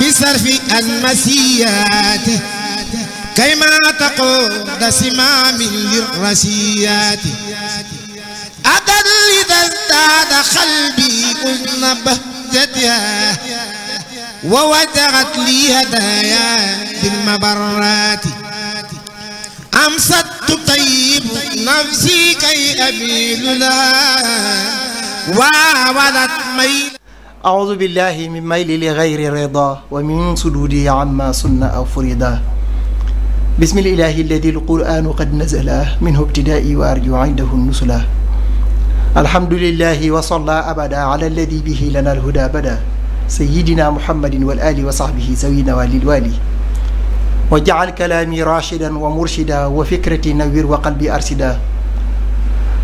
بصرف المسيات كيما تقود سمام للرسيات أبدا إذا ازداد قلبي أذن بهجتها ووجهت لي هدايا بالمبرات أمست تطيب نفسي كي أميل لها وولت ميل أعوذ بالله من ميل لغير رضا ومن سدودي عما سن أو فردا بسم الإله الذي القرآن قد نزلا منه ابتدائي وأرجو عنده النسلا الحمد لله وصلى أبدا على الذي به لنا الهدى بدا سيدنا محمد والآل وصحبه سوي نوال الوالي وجعل كلامي راشدا ومرشدا وفكرتي نوير وقلبي أرشدا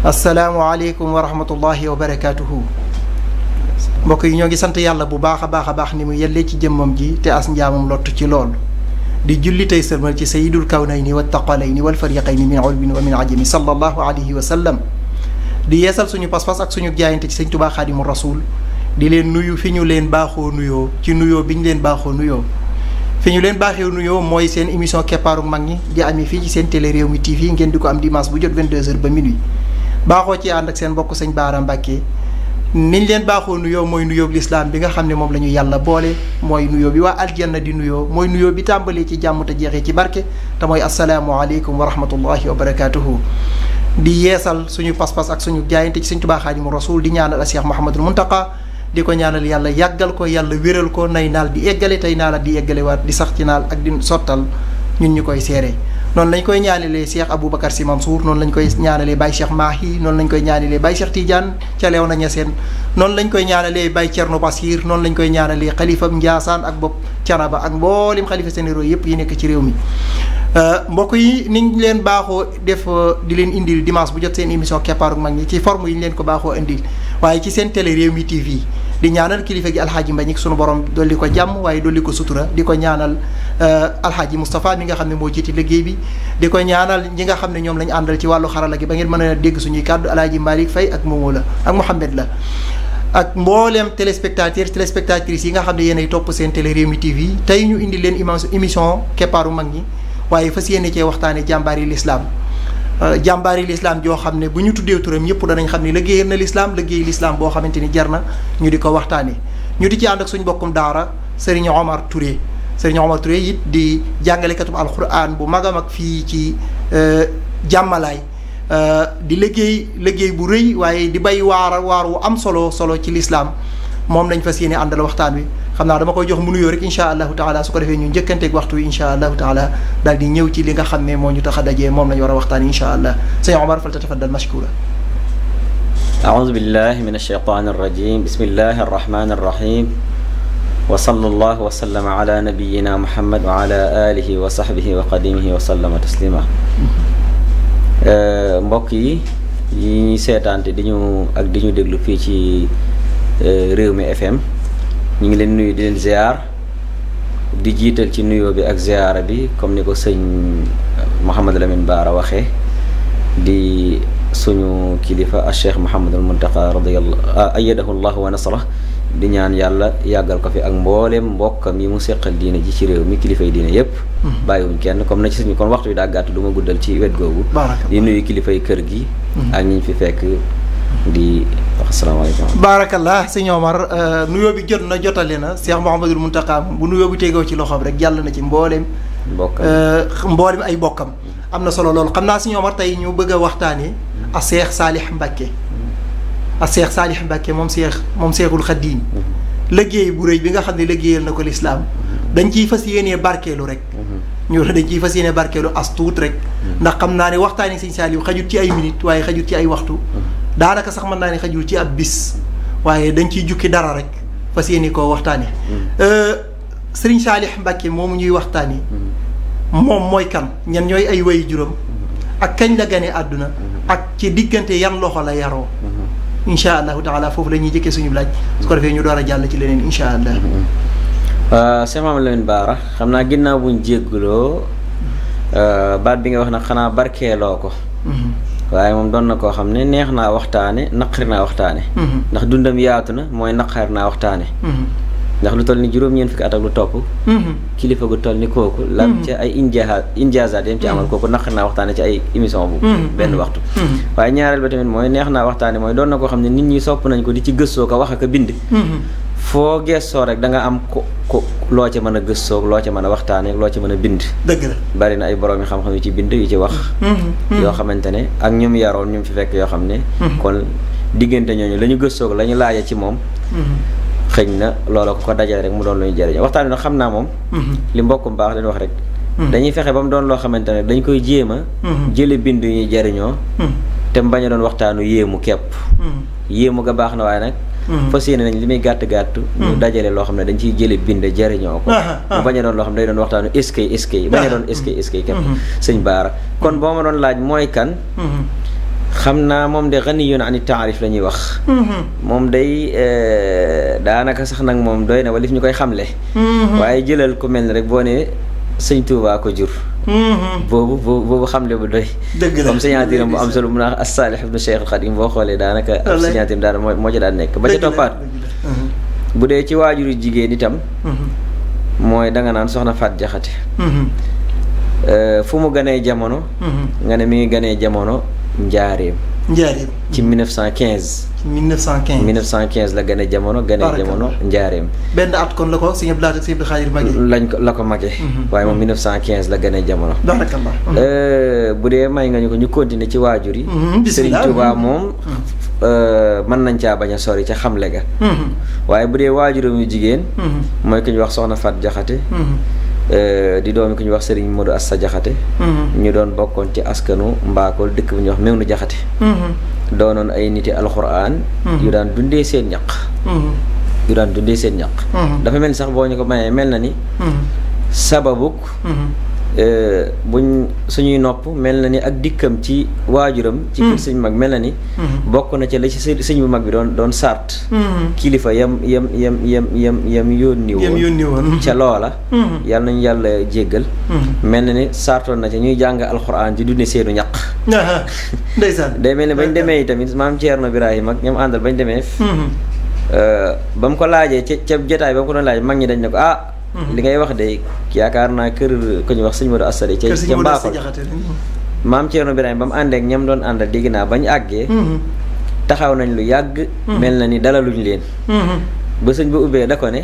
السلام عليكم ورحمة الله وبركاته mbokk yi ñoo ngi sant yàlla bu baax a baax a baax ni mu yellee ci jëmmam ji te as njaamam lott ci loolu di julli tey sërmal ci sayidul kawnayni wa taqalayni wal fariqayni min ulbin wa min ajami sallallahu alayhi wa sallam di yeesal suñu pas-pas ak suñu jaayante ci sëñ tubaa xaadimu rasul di leen nuyu fi ñu leen baaxoo nuyoo ci nuyoo bi ñu leen baaxoo nuyoo fi ñu leen baaxee nuyoo mooy seen émission keppaaru mag ñi di amee fii ci seen télé réew mi TV ngeen di ko am dimanche bu jot 22h ba minuit baaxoo ci ànd ak seen mbokk sëñ Baara Mbàkke niñ leen baaxoo nuyoo mooy nuyoo lislaam bi nga xam ne moom la ñu yàlla boole mooy nuyoo bi waa aljanna di nuyoo mooy nuyoo bi tàmbalee ci jàmm te jeexee ci barke te mooy asalaamualeykum wa rahmatullahi wa barakaatuhu. di yeesal suñu pas-pas ak suñu jaayante ci suñ Tuubaa Xaadimu Rasuul di ñaanal a Cheikh Mouhamadul Muntaqa di ko ñaanal yàlla yàggal ko yàlla wéral ko nay naal di eggale tey naala di eggalewaat di sax ci naal ak di sottal ñun ñu koy seere noonu lañ koy ñaanalee Cheikh Aboubacar Sy Mansour noonu lañ koy ñaanalee Baye Cheikh Mahi noonu lañ koy ñaanalee Baye Cheikh Tidiane ca Léona Niassène noonu lañ koy ñaanalee Baye Thierno Bassir noonu lañ koy ñaanalee xalifa Ndiassane ak bopp Canaba ak mboolem xalifa seen yëpp yi nekk ci réew mi euh, mbokk yi niñ leen baaxoo def euh, di leen indil dimanche bu jot seen émission keppaaru mag ñi ci forme yi ñu leen ko baaxoo indil waaye ci seen télé réew mi TV di ñaanal kilifa gi alxaaji Mbañik sunu borom dolli ko jàmm waaye dolli ko sutura di ko ñaanal Euh, alxaaji Moustapha mi nga xam ne moo jiiti liggéey bi di koy ñaanal ñi nga xam ne ñoom lañu àndal ci wàllu xarala gi ba ngeen mën a dégg suñuy kàddu alxaaji Malick Faye ak Momo la ak Mohamed la ak mbooleem téléspectateur téléspectatrices yi nga xam ne yéenay topp seen télé Rewmi TV tey ñu indi leen émission keppaaru mag ñi waaye fas yéene cee waxtaane jàmbaari lislaam euh, jàmbaari lislaam joo xam ne bu ñu tuddee turam yëpp danañ xam ne liggéeyal na lislaam liggéey lislaam boo xamante ni jar na ñu di ko waxtaane ñu di ci ànd ak suñ bokkum daara Serigne Omar Touré Serigne Omar Touré it di jàngalekatub alxuraan bu mag a mag fii ci e, jàmmalaay e, di liggéey liggéey bu rëy waaye di bay waar waar wu am solo solo ci lislaam moom lañ fas yéene àndal waxtaan wi xam naa dama koy jox mu nuyoo rek incha allahu taala su ko defee ñu njëkkanteeg waxtu wi incha allahu taala daal di ñëw ci li nga xam ne moo ñu tax a dajee moom lañ war a waxtaan incha allah sëñ Omar fal tatafaddal mashkura aoudu billahi min alsheytan arrajim bismillahi arrahmani wa sallallahu wa sallama ala nabiyyina muhammad wa ala alihi wa sahbihi wa qadimihi wa sallama taslima eh, mbokk yi yi ñuy seetaante di ñu ak di ñu déglu fii ci eh, réew mi fm ñu ngi leen nuyu di leen ziar di jiital ci nuyoo bi ak ziara bi comme ni ko sëñ Mouhamadou Lamine Baara waxee di suñu kilifa al cheikh Mouhamadul Muntaqa radiyallahu ah, ayyadahu llahu wa nasra di ñaan yàlla yàggal ko fi ak mbooleem mbokkam yi mu seqal diine ji ci réew mi kilifay diine yépp hmm. bàyyiwuñ kenn comme na ci suñu kon waxtu bi daa gàtt du ma guddal ci wet googu di nuyu kilifay kër gi hmm. ak ñi fi fekk di wax asalaamaaleykum baarakallah sëñ euh, nuyoo bi jot na jotale na Cheikh Mouhamadul Mountakha bu nuyoo bi tegoo ci loxoom rek jàll na ci mbooleem mbokkam euh, mbooleem ay bokkam am na solo loolu xam naa sëñ Omar tey ñu bëgg a waxtaanee hmm. a Cheikh Salih Mbacké ak seex Saalix Mbàkke moom seex moom seexul xaddiim liggéey bu rëy bi nga xam ne liggéeyal na ko lislaam dañ ciy fas yéenee barkeelu rek ñu dañ ciy fas yéene barkeelu as tuut rek ndax xam naa ne waxtaani sëñ Saaliw xajut ci ay minutes waaye xajut ci ay waxtu daanaka sax mën naa ne xajul ci ab bis waaye dañ ciy jukki dara rek fas yéene koo waxtaane mm. euh, sëriñ Saalix Mbàkke moomu ñuy waxtaani moom mooy kan ñan ñooy ay way juróom ak kañ la gane àdduna mm. ak ci diggante yan loxo la yaroo mm. incha allahu taala foofu la ñuy jëkkee suñu laaj su ko defee ñu door a jàll ci leneen incha allah. Mm-hmm. Uh, sëñ Maam Lamine Baara xam naa ginnaaw buñ jégguloo uh, baat bi nga wax na xanaa barkeeloo ko. Mm-hmm. waaye moom doon na koo xam ne neex naa waxtaane naqari naa waxtaane. Mm-hmm. ndax dundam yaatu na mooy naqar naa waxtaane. ndax lu toll ni juróom-ñeent fukki ko ak lu topp mhm. kilifa gu toll ni kooku lam mhm. ca ay injaa injaazaat yam ci mhm. amal kooku naq waxtaane ci ay émission bu benn waxtu waaye ñaareel ba tamit mooy neex naa waxtaane mooy doon na koo xam ne nit ñi sopp nañ ko di ci gëstoo ko wax ak a bind foo gëstoo rek da nga am ko ko loo ca mën a gëstoo loo ca mën a loo ca mën a bind. dëgg la bari na ay borom yi xam-xam yu ci bind yu ci wax. yoo xamante ne ak ñum yaroon ñu fi fekk yoo xam ne. kon diggante ñooñu la ñu gëstoo la ci moom. xëñ na loola ko ko dajale rek mu doon lu ñu jëriñoo waxtaan wi xam naa moom. Mhm. li mbokkum baax dañu wax mhm. ba mu doon loo xamante ne dañ koy jéem a. Mhm. jële bind yu ñuy jëriñoo. te mu bañ a doon waxtaanu yéemu képp. yéemu ga baax na waaye nag. fas yéene nañ li muy gàtt gàtt. ñu dajale loo xam ne dañ ciy jële bind jëriñoo ko. mu bañ a doon loo xam ne day doon waxtaanu eskay eskay bañ a doon eskay eskay képp. sëñ Baara kon boo ma doon laaj mooy kan. xam naa moom de ganiyun ani taarif la ñuy wax. Mm-hmm. moom day euh, daanaka sax nag moom doy na walif ñu koy xamle. Mm-hmm. waaye jëlal ku mel ni rek boo ne sëñ Tuubaa ko jur. Mm-hmm. boobu boobu xamle bu doy. dëgg la comme signature bu am solo mu naan as-Saalih ibnu Cheikh al-Xadim boo xoolee daanaka. am signature daal moo moo ci daan nekk ba ca toppaat. bu dee ci waajuru jigéen itam. mooy danga naan soxna Faat Jaxate euh, fu mu ganee jamono. nga ne mi ngi ganee jamono. njaareem. njaareem ci 1915. 1915 1915 la gane jamono gane jamono njaareem. benn at kon la ko sëñ Abdou Lahad ak sëñ lañ ko la ko mage. Mhm. waaye moom 1915 la gane jamono. barakallah. Mhm. Euh, bu dee may nga ñu ko ñu continuer ci waajur yi. Mhm, bisimilah Serigne Touba moom. Euh, mën nañ caa bañ a sori ca xamle ga. waaye bu dee waajuram yu jigéen. mooy ku wax Soxna Fat Jaxate Euh, di doomi ku ñuy wax Serigne Modou Assa Jaxate mhm. ñu doon bokkoon ci askanu Mbakol dëkk bu ñuy wax Mewnu Jaxate mhm. doonoon ay niti alxuraan mhm. yu daan dundee seen ñaq yu daan dundee seen ñaq dafa mel ni sax boo ñu ko mayee mel na ni sababuk Euh, buñ suñuy nopp mel na ni ak dikkam ci waajuram. ci kër hmm. sëñ mag mel na ni. Hmm. bokk na ci la ci sëñ bu mag bi doon doon sart. Hmm. kilifa yam yam yam yam yam yam yónni woon. ca loola. yàlla nañu yàlla jéggal. mel na ni sartoon na ci ñuy jàng alxuraan ji dundee seenu ñaq. day mel ni bañ demee itamit maam Thierno Birahim ak ñoom àndal bañ demee. Euh, ba mu ko laajee ca ca jotaay ba mu ko doon laaj mag ñi dañ ne ko ah. li ngay wax de yaakaar naa kër ku ñuy wax sëñ Modou Assane ca ca Mbaaxul maam Thierno Birahim ba mu àndee ak ñam doon àndal dégg naa bañ àggee mhm. taxaw nañ lu yàgg mhm. mel na ni dalaluñ leen mhm. ba sëñ ba ubbee da ko ne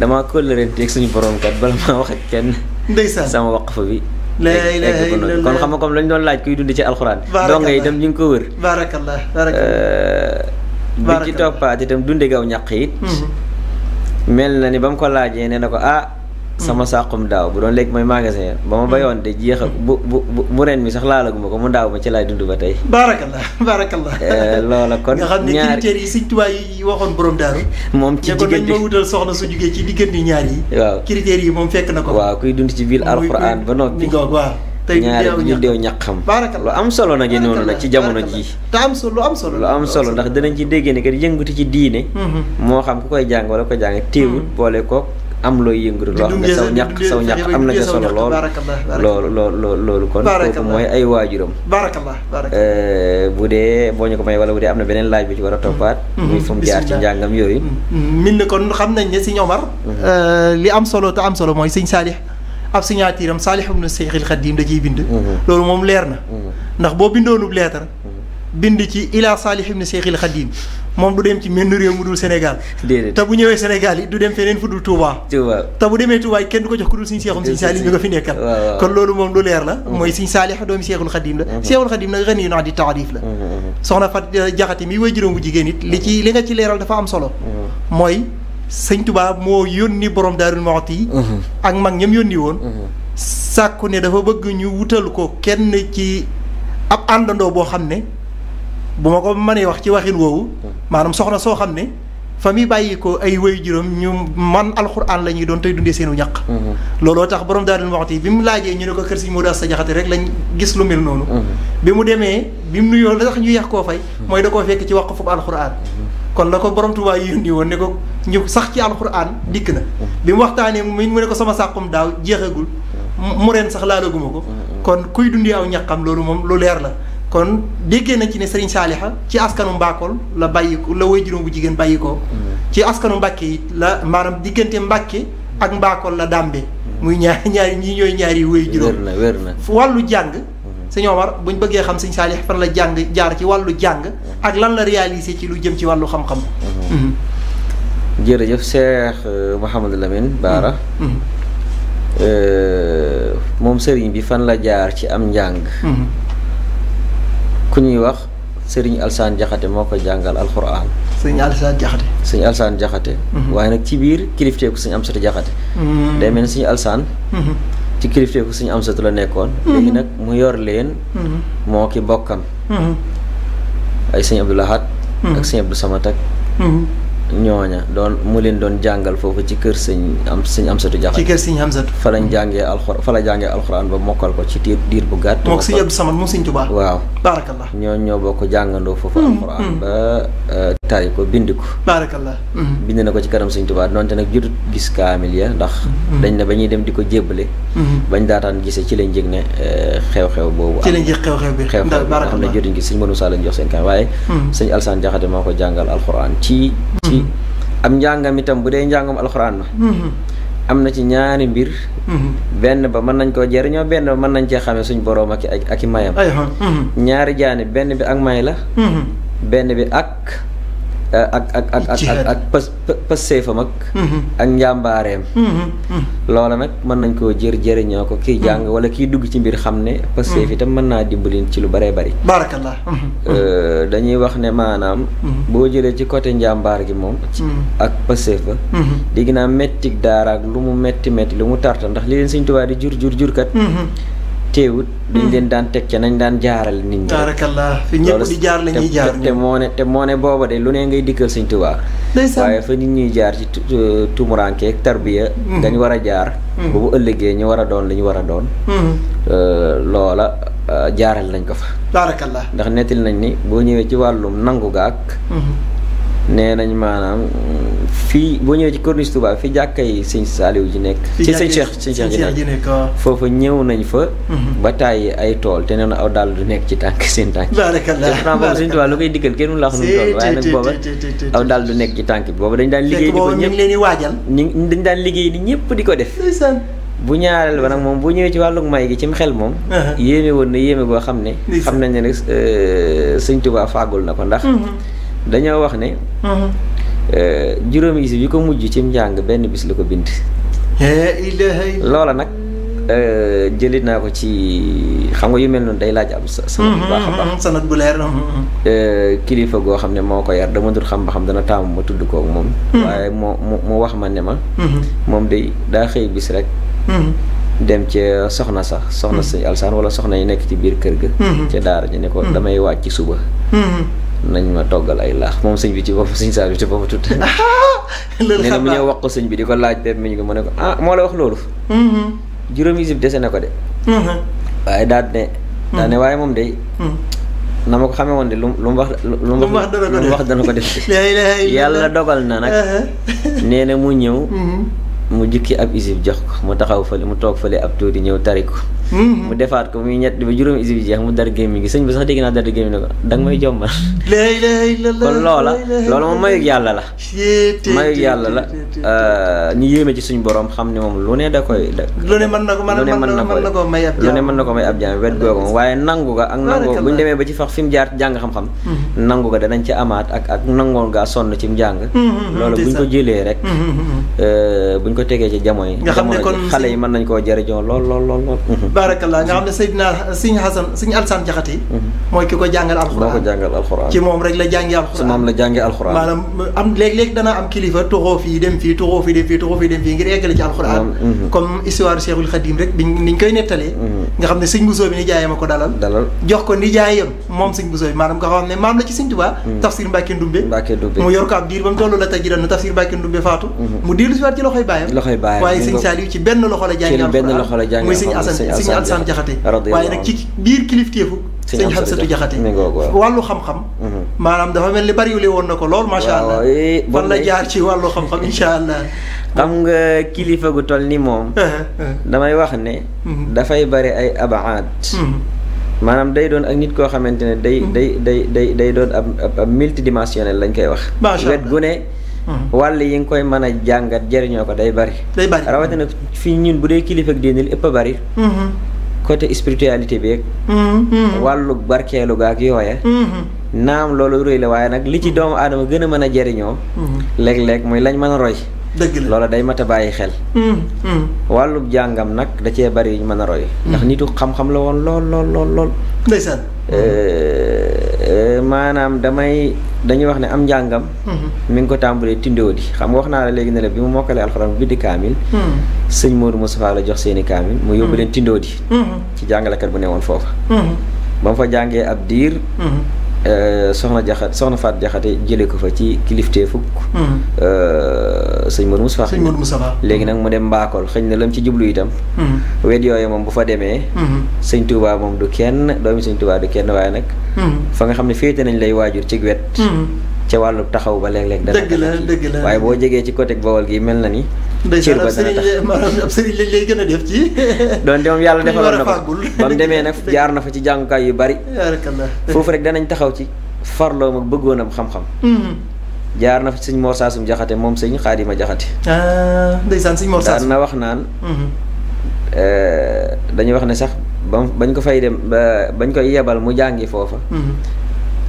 dama kóllërenteeg suñu borom kat bala maa wax ak kenn ndeysaan sama waqf bi léegi kon xam nga comme lañ doon laaj kuy dund ci alxuraan donga yi itam ñu ngi ko wër barakallah barakallah bi ci toppaat itam dunde gaw ñaq it mel na ni ba mu ko laajee nee na ko ah sama mm. sàqum daaw bu doon léegi mooy magasin ba ma mm. bayoon de jeex ak bu bu mu ren mi sax laalaguma ko mu daaw ma ci laay dund ba tey baarakallah baarakallah eh, loola kon nga xam ne critères yi sëñ Tuubaa yi waxoon borom daaru moom ci jigéen ma wutal soxna su jugee ci diggante ñaar yi waaw critères yi moom fekk na ko waa kuy dund ci biir alxuraan ba noppi waaw tey ñu deew ñaqam lu am solo nag yi noonu nag ci jamono ji te am solo lu am solo lu am solo ndax danañ ci déggee ne kat yëngatu ci diine mhm. moo xam ku koy jàng wala ko jàng téewut mhm. boole ko am looy yëngatu loo xam ne saw ñaq saw ñaq am na ca solo lool loolu loolu loolu kon kooku mooy ay waajuram barakallah euh, bu dee boo ñu ko may wala bu dee am na beneen laaj bi ci war a toppaat mhm. muy fu mu jaar ci njàngam yooyu min na kon xam nañ ne si ñomar euh, li am solo te am solo mooy sëñ Saalix ab signature am Saalih ibn Seyxil Xadiim da ciy bind. Mhm. loolu moom leer na. Mhm. ndax boo bindoonub leetar. Mhm. bind ci ilaa Saalih ibn Seyxil Xadiim moom du dem ci menn réew mu dul Sénégal. déedéet te bu ñëwee Sénégal yi du dem feneen fu dul Touba. te bu demee Touba kenn du ko jox ku dul Sëñ Seexum Sëñ Saalih ñu nga fi nekkal. kon loolu moom lu leer la. mooy siñ Saalih doomi Seexul Xadiim la. Seexul Xadiim nag ren yi noo di taarif la. soxna Fat Jaxate mi way juróom bu jigéen it li ci li nga ci leeral dafa am solo mooy sëñ Tuubaa moo yónni borom Daaru yi uh-huh. ak mag ñam yónni woon uh-huh. sàkku ne dafa bëgg ñu wutal ko kenn ci ab àndandoo boo xam ne bu ma ko mënee wax ci waxin woowu uh-huh. maanaam soxna soo xam ne fa muy bàyyi ko ay wéyu juróom ñu man alxuraan la ñuy doon tey dundee seenu ñaq looloo tax borom Daaru Muxti bi mu laajee ñu ne ko kër si Modou Asta Jaxate rek lañ gis lu mel noonu bi mu demee bi mu nuyoo la tax ñu yeex koo fay mooy da koo fekk ci wax alxuraan kon la ko borom Tuubaa woon ne ñu sax ci alxuraan dikk na. bi mu waxtaanee mu ne ko sama sàqum daaw jeexagul. mu ren sax laalaguma ko. kon kuy dundee aw ñaqam loolu moom lu leer la. kon déggee na ci ne Serigne Saliha ci askanu Mbakol la bàyyi la way juróom jigéen bàyyi ko. ci askanu Mbàkke yi la maanaam diggante Mbàkke ak Mbakol la dàmbee. muy ñaar ñaari ñii ñooy ñaari way juróom. wér na wàllu jàng. Mhm. sëñ Omar buñ bëggee xam sëñ Saalix fan la jàng jaar ci wàllu jàng. ak lan la réalisé ci lu jëm ci wàllu xam-xam. Mhm. Mhm. jërëjëf Cheikh euh, Mouhamadou Lamine Baara mm-hmm. euh, moom sëriñ bi fan la jaar ci am njàng mm-hmm. ku ñuy wax sëriñ Alsaan Jaxate moo ko jàngal alxuraan sëriñ Alsaan Jaxate sëriñ Alsaan Jaxate mm-hmm. waaye nag ci biir kilifteeku sëriñ Amsatu Jaxate day mel ni Alsaan ci kilifteeku sëriñ Amsatu la nekkoon léegi nag mu yor leen moo ki bokkam ay sëriñ Abdou Lahad ak sëriñ Abdou Samad ak ñooña doon mu leen doon jàngal foofu ci kër sëñ am sëñ Amsatu Jaxate ci kër sëñ fa lañ jàngee alxuraan fa la jàngee alxuraan ba mokkal ko ci diir bu gàtt mook sëñ Abdou Samad moom sëñ Tuubaa waaw baarakallah ñoo ñoo bokk jàngandoo foofu hmm, alxuraan hmm. ba eh, tari ko bind ko baarakallah hmm. bind na ko ci kanam sëñ Tuubaa doonte nag jotut gis kaamil ya ndax dañ ne ba ñuy di ko jébbale bañ daataan gisee ci lañ jëg ne eh, xew-xew boobu ci lañ jëg xew-xew bi xew xam ne jotuñ gis sëñ Manu Saa lañ jox seen kaamil waaye sëñ Alsaan Jaxate moo ko jàngal alxuraan ci ci bi am njàngam itam bu dee njàngam alxuraan la mm-hmm. am na ci ñaari mbir mm-hmm. benn ba mën nañ koo jëriñoo benn ba mën nañ cee xamee suñ boroom ak ak i mayam mm-hmm. ñaari jaani benn bi ak may la benn bi ak Eh, ak ak ak ak ak pës pës seefam ak. Mhm. ak mhm, mhm. loola nag mën nañ koo jër jëriñoo ko kiy jàng wala kiy dugg ci mbir xam ne. pës seef itam mën naa dimbali ci lu bëree bëri. barakallah. Eh, dañuy wax ne maanaam. boo jëlee ci côté njàmbaar gi moom. ak pës seef ba. digg naa métti daara lu mu métti métti lu mu tarta ndax li leen Sëñ Tuubaa di jur jur jur kat. teewut. dañ hmm. leen daan teg ca nañ daan jaarale nit ñi. taarakallah fi ñëpp di jaar la ñuy jaar te moo ne te moo ne booba de lu ne ngay dikkal sëñ Tuubaa. waaye fa nit ñuy jaar ci tumuraanke ak tarbiya. Hmm. dañ war a jaar. Hmm. bu ëllëgee ñu war a doon li ñu war a doon. Euh, loola euh, jaaral nañ ko fa. taarakallah ndax nettil nañ ni boo ñëwee ci wàllum nangu gaak nee nañ maanaam fii boo ñëwee ci corniche Touba fi jàkk yi sëñ Saaliw ji nekk ci sëñ Cheikh sëñ Cheikh ji nekk foofa ñëw nañ fa mhm. ba tàyyi ay tool te nee na aw daal du nekk ci tànk seen tànk barakalla boobu sëñ koy dikkal kenn mënu laa xam nu mu toll waaye nag booba tànk bi booba dañ daan liggéey di ko ñëpp leen waajal ñi dañ daan liggéey di ñëpp di ko def bu ñaareel ba nag moom boo ñëwee ci wàllug may gi ci mu xel moom yéeme woon na yéeme goo xam ne xam nañ ne nag euh, sëñ Touba fàggul na ko ndax mhm. dañoo wax ne. Mhm. Euh, juróomi isib yi ko mujj ci njàng benn bis la ko bind. loola nag euh, jëlit naa ko ci xam nga yu mel noonu day laaj am. sanad bu mhm, baax a mhm, baax sanad bu euh, kilifa goo xam ne moo ko yar dama dul xam ba xam dana taamu ma tudd koog moom. waaye moo mu wax ma ne ma. moom day daa xëy bis rek. dem ca soxna sax soxna sëñ alsaan wala soxna yi nekk ci biir kër ga. ca daara ji ne ko damay wàcc suba. nañ ma toggal ay laax moom sëñ bi ci bopp sëñ saa si ci bopp tut nee na mu ñëw wax ko sëñ bi di ko laaj dem mi ngi mu ko ah moo la wax loolu mm-hmm. juróomi sib dese na ko de mm-hmm. waaye daal ne daal ne mm-hmm. waaye moom day na ma ko xamee woon de lu mu wax lu wax lu wax dana ko def yàlla dogal na nag uh-huh. nee na mu ñëw mu jukki ab isib jox ko mu taxaw fële mu toog fële ab tuuti ñëw tari ko Mm-hmm. mu defaat ko muy ñett ba juróomi isib yi jeex mu dar gémmi gi sëñ bi sax dégg naa dar gémmi ne ko da nga may jombal kon loola loola moom mayug yàlla la mayug yàlla la euh, ñu yéeme ci suñ borom xam ne moom lu ne da koy da lu ne mën na ko lu ne mën na ko lu ne mën na ko may ab jaam wet googu moom waaye nangu ga ak nangu bu ñu demee ba ci fax fi mu jaar jàng xam-xam mm-hmm. nangu ga danañ ci amaat ak ak nangoon gaa sonn ci njàng mm-hmm, loolu buñ ko jëlee rek euh, buñ ko tegee ci jamono yi nga xam ne kon xale yi mën nañ koo jëriñoo lool lool lool lool tabaarakallaa nga xam ne Seydina Sëñ Hasan Sëñ Alsaan mhm. la jàngee alxuraan moom la jàngee alxuraan maanaam am léeg-léeg danaa am kilifa tuxoo fii dem fii tuxoo fii mhm. mhm. nga xam ne sëñ Bousso bi nijaayam a ko dalal dalal jox ko nijaayam moom sëñ Bousso bi maanaam nga xam ne maam la ci sëñ Tuubaa mu yor ko ab diir ba mu toll la tey ji dañu tafsir Mbàkke Ndumbe faatu mu dellu si ci loxoy baayam waaye sëñ Saliou ci benn loxo la jàngee alxuraan muy sëñ Alsaan Jaxate waaye nag ci biir kilifteefu sëñ Xamsatu Jaxate wàllu xam-xam mhm. maanaam dafa mel ni bariwule woon na ko lool macha allah eh, fan la eh. wàllu xam-xam insha allah xam nga kilifa gu toll ni moom eh, damay wax ne mhm. dafay bari ay abaad mhm. maanaam day doon ak nit koo xamante ne day day day day day doon ab ab multidimensionnel lañ koy wax wet gu ne Hmm. wàll yi nga koy mën a jàngat jëriñoo ko day bari. day bari rawatina fii ñun bu dee kilifa ak diine li ëpp a bari. Hmm. côté spiritualité bi yeeg. Hmm. wàllu barkeelu ga ak yooya. naam loolu rëy la waaye nag li ci doomu aadama gën a mën a jëriñoo. léeg-léeg muy lañ mën a roy. dëgg la loola day mat a bàyyi xel. wàllub jàngam nag da cee bari ñu mën a roy. ndax nitu xam-xam la woon lool lool lool lool. ndeysaan. Euh, euh, maanaam damay. dañuy wax ne am njàngam. Mhm. mi ngi ko tàmbalee tindoo di xam nga wax naa la léegi ne la bi mu mokkalee alxuraan bi di kaamil. Mhm. sëñ Modou Moustapha la jox seeni kaamil. mu yóbbu mhm. leen tindoo di. ci jàngalekat bu newoon foofa. ba mu fa jàngee ab diir. Euh, soxna jaxat soxna faat jaxate jële ko fa ci kilifte fukk hmm. euh, sëñ Modou Moustapha sëñ Modou Moustapha léegi nag mu dem mbaakol xëñ ne lam ci jublu itam hmm. wet yooyu moom bu fa demee hmm. sëñ Touba moom du kenn doomi sëñ Touba du kenn waaye nag fa nga xam ne féete nañ lay waajur ci wet ca wàllu taxaw ba léeg-léeg. dana dëgg la dëgg la waaye boo jegee ci côté Bawol gi mel na ni. cër ba dana tax maanaam ab gën a def ci. doon moom yàlla defaloon na ko ba mu demee nag jaar na fa ci jàngukaay yu bari. foofu rek danañ taxaw ci farloom ak bëggoonam xam-xam. Hmm. jaar na fi sëñ Mor Saasum Jaxate moom sëñ Xaadima Jaxate. Ah, ndeysaan sëñ Mor Saasum daan na wax naan. Hmm. Eh, dañuy wax ne sax ba bañ ko fay dem ba bañ koy yebal mu jàngi foofa. Hmm.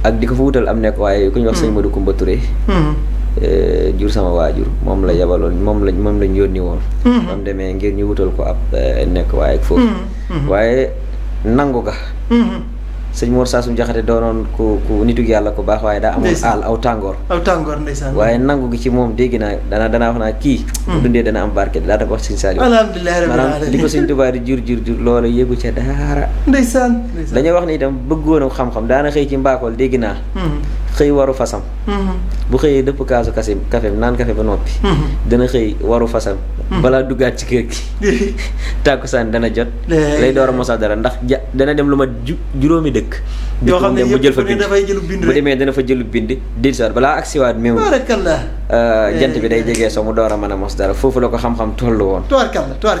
ak di ko fa wutal am nekk waaye ku ñuy wax sëñ hmm. Modou Koumba Touré. Hmm. Eh, jur sama waajur moom la yabaloon moom lañ moom lañ yónni woon. Hmm. ba mu demee ngir ñu wutal ko ab eh, nekk waaye ak foofu. waaye nangu ga. sëñ Mor Saasum Jaxate doonoon ku ku nitu yàlla ku baax waaye daa amoon aal aw tàngoor aw tàngoor ndeysaan waaye nangu gi ci moom dégg naa danaa danaa wax naa kii hmm. bu dundee dana am barke daa ko wax sëñ Saaliw alhamdulilah rabbil alamin maanaam li ko sëñ Tuubaa di jur jur jur loolu yëgu ca daara ndeysaan dañoo wax ne itam bëggoon a xam-xam daana xëy ci mbaakool dégg naa hmm. xëy waru fasam mhm. bu xëyee dëpp kaasu kasi kafem naan kafe ba noppi mhm. dana xëy waru fasam mhm. balaa duggaat ci kër gi tàkkusaan dana jot lay door a mosa dara ndax ja dana dem lu ma juróomi dëkk yoo xam ne mu jël fa bind bu demee dana fa jëlu bind dil sar balaa ak siwaat méew jant bi day eh. jegee so mu door a mën a mos dara foofu la ko xam-xam toll woon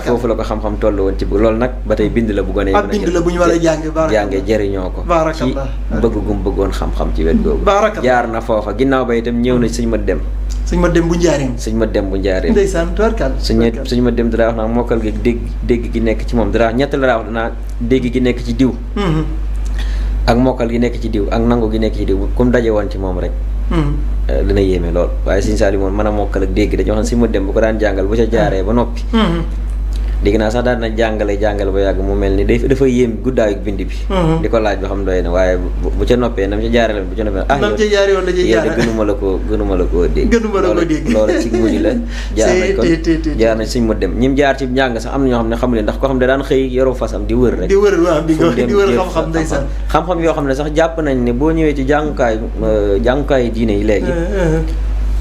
foofu la ko xam-xam toll woon ci loolu nag ba tey bind la bu gonee jàngee jëriñoo ko ci bëgg gum bëggoon xam-xam ci wet tabaraka jaar na foofa ginnaaw ba itam ñëw na suñ ma dem suñ ma dem bu njaareem suñ ma dem bu njaareem ndeysaan tubarkaal suñ suñ ma dem dara wax naa mokkal gi dégg dégg gi nekk ci moom dara ñett la daa wax danaa dégg gi nekk ci diw mm-hmm. ak mokkal gi nekk ci diw ak nangu gi nekk ci diw comme daje woon ci moom rek mm-hmm. eh, dina yéeme lool waaye Sëñ Saaliw moom mën a mokkal ak dégg dañoo xam ne ma dem bu ko daan jàngal bu ca jaaree ba noppi mm-hmm. dégg naa sax daal na jàngale jàngale ba yàgg mu mel ni day dafa yéem guddaayu bind bi mhm. di ko laaj ba xam doy na waaye bu ca noppee nam ca jaarale bu ca noppee ah nam ca jaare woon la cay jaare ko gënuma la koo dégg gënuma la koo dégg loolu dem ñim jaar ci njàng sax am na ñoo xam ne ndax ko xam ne daan xëy yoroo fasam di wër rek di wër waaw di wër xam-xam ndeysaan xam-xam yoo xam ne sax jàpp nañ ne boo ñëwee ci jàngukaay euh, jàngukaay diine yi léegi eh, eh.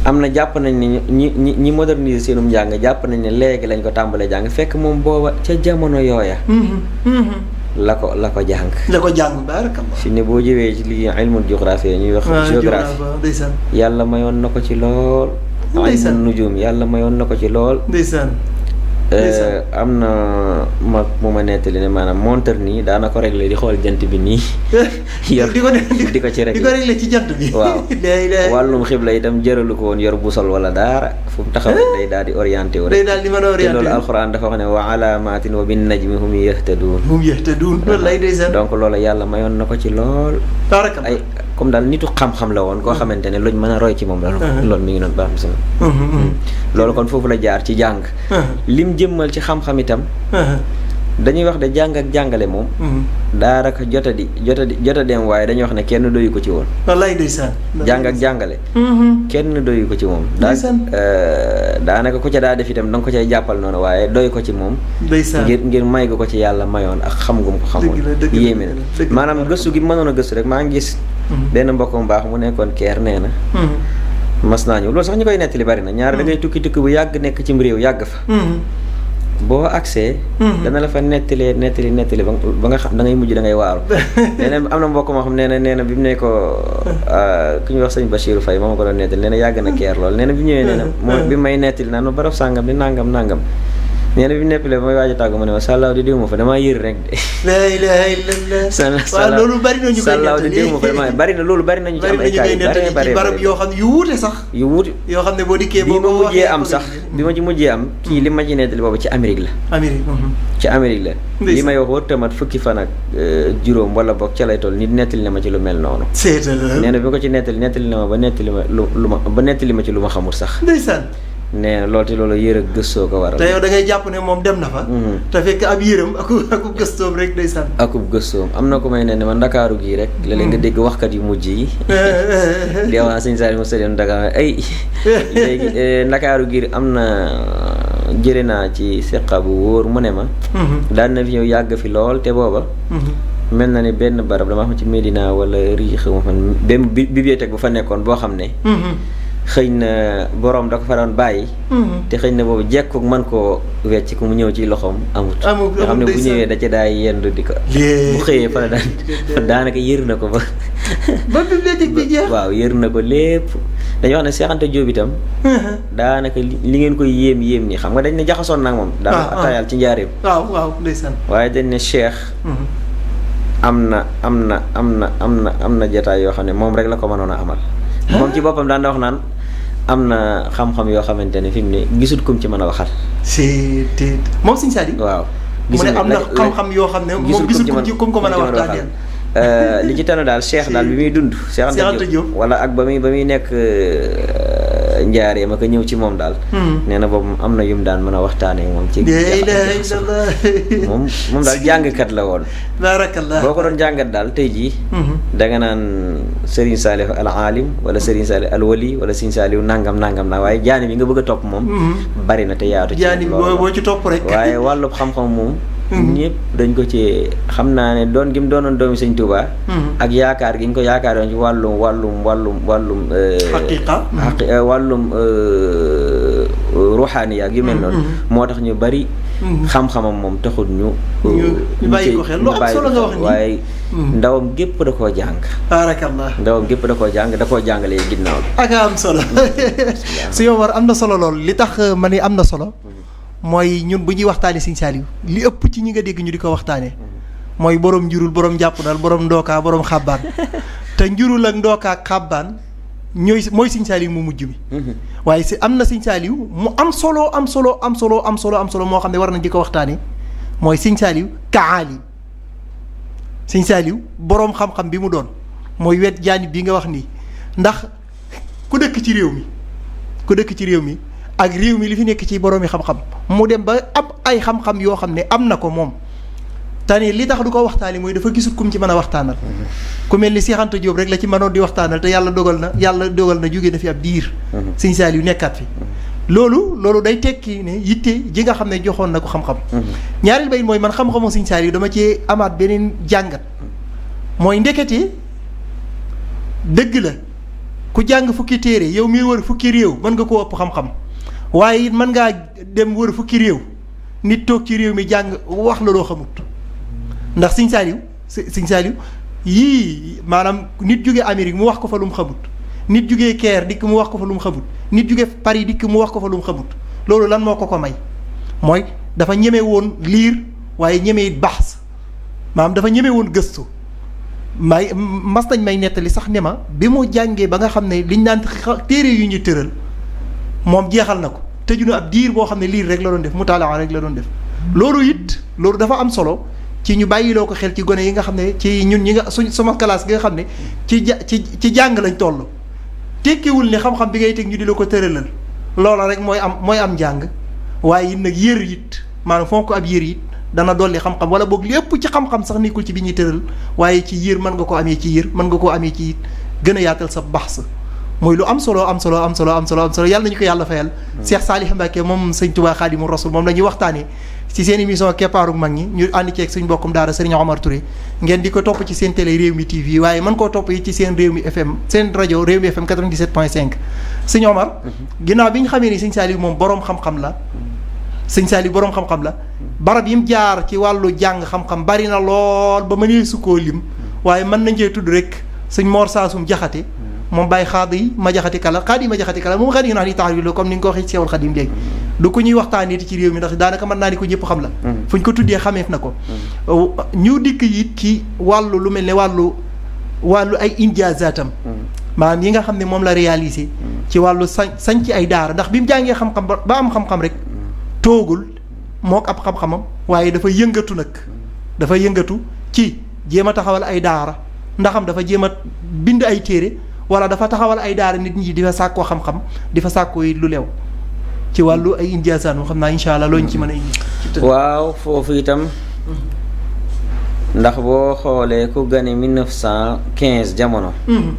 am na jàpp nañ ni ñi ñi ñi moderniser seenum njàng jàpp nañ ne léegi lañ ko tàmbalee jàng fekk moom booba ca jamono yooya. Mm-hmm, mm-hmm. la ko la ko jàng. la ne boo jëwee ci li ilmul géographie ñuy wax. Ah, géographie yàlla mayoon na ko ci lool. ndeysaan ilmul nujum yàlla mayoon na ko ci lool. ndeysaan Euh, am na mag mu ma nettali ne maanaam monteur nii daana ko réglé di xool jant bi nii. yor di ko di ko ci réglé di ko réglé ci jant bi. jëralu ko woon yor bu sol wala daara fu mu taxaw day daal di orienté wu rek. daal di mën a orienté te loolu ne wa alaamaatin wa bin najmi hum yahtaduun. hum yahtaduun loolu lay dee sax. yàlla mayoon na ko ci lool. tabarakam comme daal nitu xam-xam la woon koo xamante ne luñ mën a roy ci moom la. loolu mi ngi doon baax bisimilah. kon foofu la jaar ci jàng lim jëmmal ci xam-xam itam. dañuy wax de jàng ak jàngale moom. Mhm. daaraka jotadi jotadi jotadeem waaye dañuy wax ne kenn doyu ko ci woon. wallaay ndeysaan. jàng ak jàngale. Mhm. kenn doyu ko ci moom. ndeysaan euh, daanaka ku ca daa def itam da nga ko cay jàppal noonu waaye doy ko ci moom. ndeysaan ngir ngir may ga ko ci yàlla mayoon ak xam gum ko xamoon. yéeme na maanaam gëstu gi mënoon a gëstu rek maa ngi gis. Mhm. benn mbokkum baax mu nekkoon keer nee na. mas naa ñëw loolu sax ñu koy nettali bari na. ñaar da ngay tukki tukki bu nekk ci réew yàgg boo accès mhm. dana la fa nettalee nettali nettali ba nga xam da ngay mujj dangay ngay waaru nee am na mbokk moo xam nee na nee na bi mu ne ko ah, ki ñu wax sañ Bachirou Faye moo ma ko doon nettali nee na yàgg na keer lool nee na bi ñëwee nee na moo bi may nettali naa nu barab sàngam di nàngam nangam nee na bi mu nettalee ba may waaj a tàggu ma ne ma sàllaaw di diw ma fa damaa yër rek de. la ilaha bari na ñu koy sàllaaw bari na loolu bari na ñu ci am ay kaay bari na bari sax. yu wuute yoo xam ne boo dikkee bi ma mujjee am sax bi ma ci mujjee am hmm. kii li ma ci nettali boobu ci Amérique la. Amérique. Mhm. ci Amérique la. li may wax war tamat fukki fan ak euh, juróom wala boog ca lay toll nit nettali na ma ci lu mel noonu. seetal nee na bi ma ko ci nettali nettali na ma ba nettali ma lu ma ba nettali ma ci lu ma xamul sax. ndeysaan nee na loolu te loolu yërëg gëstoo ko waral. te yow da ngay jàpp ne moom dem na fa. Mm-hmm. te fekk ab yërëm akub akub gëstoom rek day sànni. akub gëstoom am na ko may ne ne ma ndakaaru gii rek. léeg mm-hmm. dégg waxkat yu mujj yi. di wax sëñ Salim eh, ndakaaru gii am na jële naa ci seqa bu wóor mu ne ma. Mm-hmm. daan na fi ñëw yàgg fi lool te booba. mel na ne benn barab dama xam ci Medina wala Riix ma fan benn bibliothèque bu fa nekkoon boo xam ne. xëy na borom da ko fa doon bàyyi. Mm-hmm. te xëy na boobu jekku man koo wecc ku mu ñëw ci loxoom amut. amul nga xam ne bu ñëwee da daa daay yendu di ko. bu xëyee fa daan daanaka yër na ko ba. ba bibliothèque bi jeex. waaw yër na ko lépp dañuy wax ne Cheikh Anta Diop itam. Uh-huh. daanaka li ngeen koy yéem yéem nii xam nga dañ ne jaxasoon na ak moom. Ah, daanaka ataayaal ah. ci njaareem. waaw waaw waaye dañ ne Cheikh. Mm-hmm. am na am na am na am na am na jotaay yoo xam ne moom rek la ko mënoon a amal. moom ci boppam daan na wax naan am na xam-xam yoo xamante ne fi mu ne gisut kum ci mën a waxal. c'est moom Sëñ Sadi. waaw gisul mu am na xam-xam yoo xam ne moom gisut kum ci kum ko mën a wax daal euh, li ci tane daal Cheikh daal bi muy dund. Cheikh Anta Diop wala ak ba muy ba muy nekk. Euh, njaaree ma ko ñëw ci moom daal. Hmm. nee na boobu am na yum daan mën a waxtaanee moom. ci moom moom daal la woon. baarakallah boo ko doon jàngat daal tey jii. Hmm. danga naan Serigne Salif al alim wala Serigne Salif al wali wala Serigne Salif nangam nangam naa waaye jaani bi nga bëgg a topp moom. Hmm. bari na te yaatu ci. jaani boo ci topp rek waaye wàllub xam-xam moom. Mhm. ñëpp dañ ko ci xam naa ne doon gi mu doonoon doomi sëñ Touba. Mhm. ak yaakaar gi ñu ko yaakaaroon ci wàllum wàllum wàllum wàllum. xaqiqa euh, mhm. euh, wàllum euh, ruxaani yaak yu mel noonu. moo tax ñu bari. xam-xamam moom taxul ñu. ñu bàyyi ko xel lu am solo nga wax nii waaye. ndawam gépp da koo jàng. ndawam gépp da koo jàng da koo jàngalee ginnaaw bi. ak am solo. si yow war am na solo lool li tax ma ni am na solo. mooy ñun bu ñuy waxtaanee Sëñ Saaliw li ëpp ci ñi nga dégg ñu di ko waxtaanee mooy borom njurul boroom borom jàppandal borom ndookaa borom xàbbaan te njurul ak ndookaa ak xàbbaan ñooy mooy Sëñ Saaliw mu mujj mi. Mm-hmm. waaye si am na Sëñ Saaliw mu am solo am solo am solo am solo am solo moo xam ne war nañ di ko waxtaanee mooy Sëñ Saaliw kaali Sëñ Saaliw borom xam-xam bi mu doon mooy wet jaani bi nga wax nii ndax ku dëkk ci réew mi ku dëkk ci réew mi. ak réew mi li fi nekk ci boroomi xam-xam mu dem ba ab ay xam-xam yoo xam ne am na ko moom tani li tax du ko waxtaani mooy dafa gisul kum ci mën a waxtaanal ku mel ni Cheikh Anta rek la ci mënoon di waxtaanal te yàlla dogal na yàlla dogal na jóge na fi ab mhm. Sëñ Saaliw yu nekkaat fi mhm. loolu loolu day tekki ne yitte ji nga xam ne joxoon na ko xam-xam mhm. ñaareel mooy man xam-xamu Sëñ Saaliw dama ci amaat beneen jàngat mooy ndekete dëgg la ku jàng fukki téere yow mi wër fukki réew mën nga koo ëpp xam-xam waaye it mën ngaa dem wër fukki réew nit toog ci réew mi jàng wax la loo xamut ndax Sëñ Saaliw Sëñ Saaliw yii maanaam nit jóge Amérique mu wax ko fa lu mu xamut nit jóge Caire dikk mu wax ko fa lu mu xamut nit jóge Paris dikk mu wax ko fa lu mu xamut loolu lan moo ko ko may mooy dafa ñeme woon liir waaye ñeme it baax maanaam dafa ñeme woon gëstu may mas nañ may nettali sax ne ma bi mu jàngee ba nga xam ne liñ naan téere yu ñuy tëral moom jeexal na ko tëju na ab diir boo xam ne liir rek la doon def mutaalaa rek la doon def loolu it loolu dafa am solo ci ñu bàyyiloo ko xel ci gone yi nga xam ne ci ñun ñi nga suñ sama classe gi xam ne ci ja ci ci jàng lañ toll tekkiwul ne xam bi ngay teg ñu di la ko tëralal loola rek mooy mooy am njàng waaye it nag yër it maanaam fonk ab yër it dana dolli xam-xam wala boog lépp ci xam-xam sax ci bi ñuy tëral waaye ci yër mën nga ko amee ci yër mën nga koo amee ci gën a yaatal sa baax sa mooy lu am solo am solo am solo am solo solo yàlla nañu ko yàlla fayal. Mm. Cheikh Salih Mbacke moom sëñ Touba Khadimou Rasoul moom la ñuy waxtaanee ci seen émission keppaaru mag ñi ñu ànd ceeg suñ mbokkum daara Serigne Omar Touré ngeen di ko topp ci seen télé Réew mi TV waaye man koo topp yi ci seen Réew mi FM seen rajo Réew mi FM 97.5. Sëñ Omar. Mm-hmm. ginnaaw bi ñu xamee ni sëñ Salih moom borom xam-xam la. sëñ Salih boroom xam-xam la. Mm-hmm. barab yi mu jaar ci wàllu jàng xam-xam bari na lool ba mënee su koo lim mm-hmm. waaye mën nañ cee tudd rek sëñ Mor Saasum Jaxate moom bàyyi xaad yi ma jaxati kala xaad yi ma jaxati kala moom xaad yi naa comme ni nga ko waxee Seexul Xadim léegi du ku ñuy waxtaaneeti ci réew mi ndax daanaka mën naa ni ko ñëpp xam la mm. fu ñu ko tuddee xameef na ko mm. ñu dikk it ci wàllu lu mel ne wàllu wàllu ay injazaatam mm. maanaam yi nga xam ne moom la réalisé ci wàllu sañ sañ ci ay daara ndax bi mu jàngee xam-xam ba am xam-xam rek toogul mook ab xam-xamam waaye dafa yëngatu nag dafa yëngatu ci jéem a taxawal ay daara ndaxam dafa jéem a bind ay téere wala dafa taxawal ay daara nit ñi di fa sàkkoo xam-xam di fa sàkkoo yi lu leew ci wàllu ay injaasaan moo xam naa incha allah looñ ci mën a indi. waaw foofu itam. ndax boo xoolee ku gane 1915 jamono. Mm-hmm.